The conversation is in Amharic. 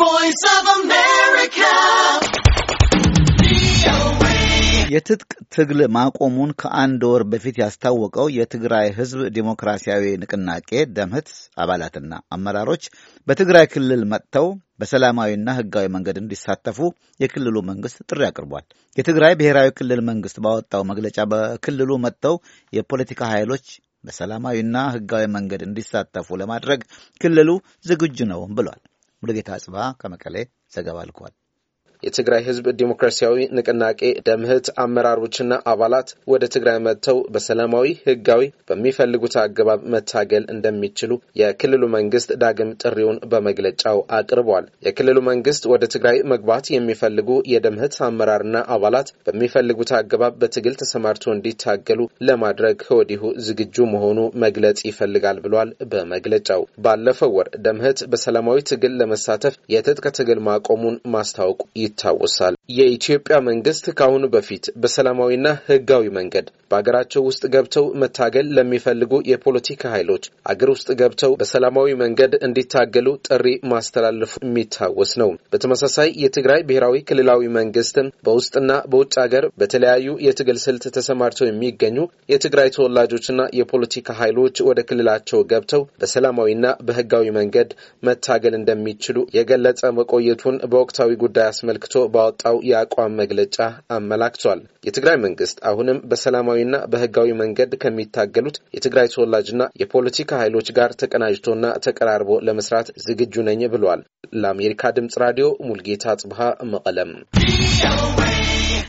voice of America. የትጥቅ ትግል ማቆሙን ከአንድ ወር በፊት ያስታወቀው የትግራይ ሕዝብ ዲሞክራሲያዊ ንቅናቄ ደምህት አባላትና አመራሮች በትግራይ ክልል መጥተው በሰላማዊና ሕጋዊ መንገድ እንዲሳተፉ የክልሉ መንግስት ጥሪ አቅርቧል። የትግራይ ብሔራዊ ክልል መንግስት ባወጣው መግለጫ በክልሉ መጥተው የፖለቲካ ኃይሎች በሰላማዊና ሕጋዊ መንገድ እንዲሳተፉ ለማድረግ ክልሉ ዝግጁ ነው ብሏል። ሙሉጌታ ጽባ ከመቀሌ ዘገባ ልኳል። የትግራይ ህዝብ ዲሞክራሲያዊ ንቅናቄ ደምህት አመራሮችና አባላት ወደ ትግራይ መጥተው በሰላማዊ ህጋዊ በሚፈልጉት አገባብ መታገል እንደሚችሉ የክልሉ መንግስት ዳግም ጥሪውን በመግለጫው አቅርቧል። የክልሉ መንግስት ወደ ትግራይ መግባት የሚፈልጉ የደምህት አመራርና አባላት በሚፈልጉት አገባብ በትግል ተሰማርቶ እንዲታገሉ ለማድረግ ከወዲሁ ዝግጁ መሆኑ መግለጽ ይፈልጋል ብሏል። በመግለጫው ባለፈው ወር ደምህት በሰላማዊ ትግል ለመሳተፍ የትጥቅ ትግል ማቆሙን ማስታወቁ ይታወሳል። የኢትዮጵያ መንግስት ከአሁኑ በፊት በሰላማዊና ህጋዊ መንገድ በሀገራቸው ውስጥ ገብተው መታገል ለሚፈልጉ የፖለቲካ ኃይሎች አገር ውስጥ ገብተው በሰላማዊ መንገድ እንዲታገሉ ጥሪ ማስተላለፉ የሚታወስ ነው። በተመሳሳይ የትግራይ ብሔራዊ ክልላዊ መንግስትም በውስጥና በውጭ ሀገር በተለያዩ የትግል ስልት ተሰማርተው የሚገኙ የትግራይ ተወላጆችና የፖለቲካ ኃይሎች ወደ ክልላቸው ገብተው በሰላማዊና በህጋዊ መንገድ መታገል እንደሚችሉ የገለጸ መቆየቱን በወቅታዊ ጉዳይ አስመልክቶ ባወጣ ያወጣው የአቋም መግለጫ አመላክቷል። የትግራይ መንግስት አሁንም በሰላማዊና በህጋዊ መንገድ ከሚታገሉት የትግራይ ተወላጅና የፖለቲካ ኃይሎች ጋር ተቀናጅቶና ተቀራርቦ ለመስራት ዝግጁ ነኝ ብሏል። ለአሜሪካ ድምጽ ራዲዮ ሙልጌታ ጽብሃ መቀለም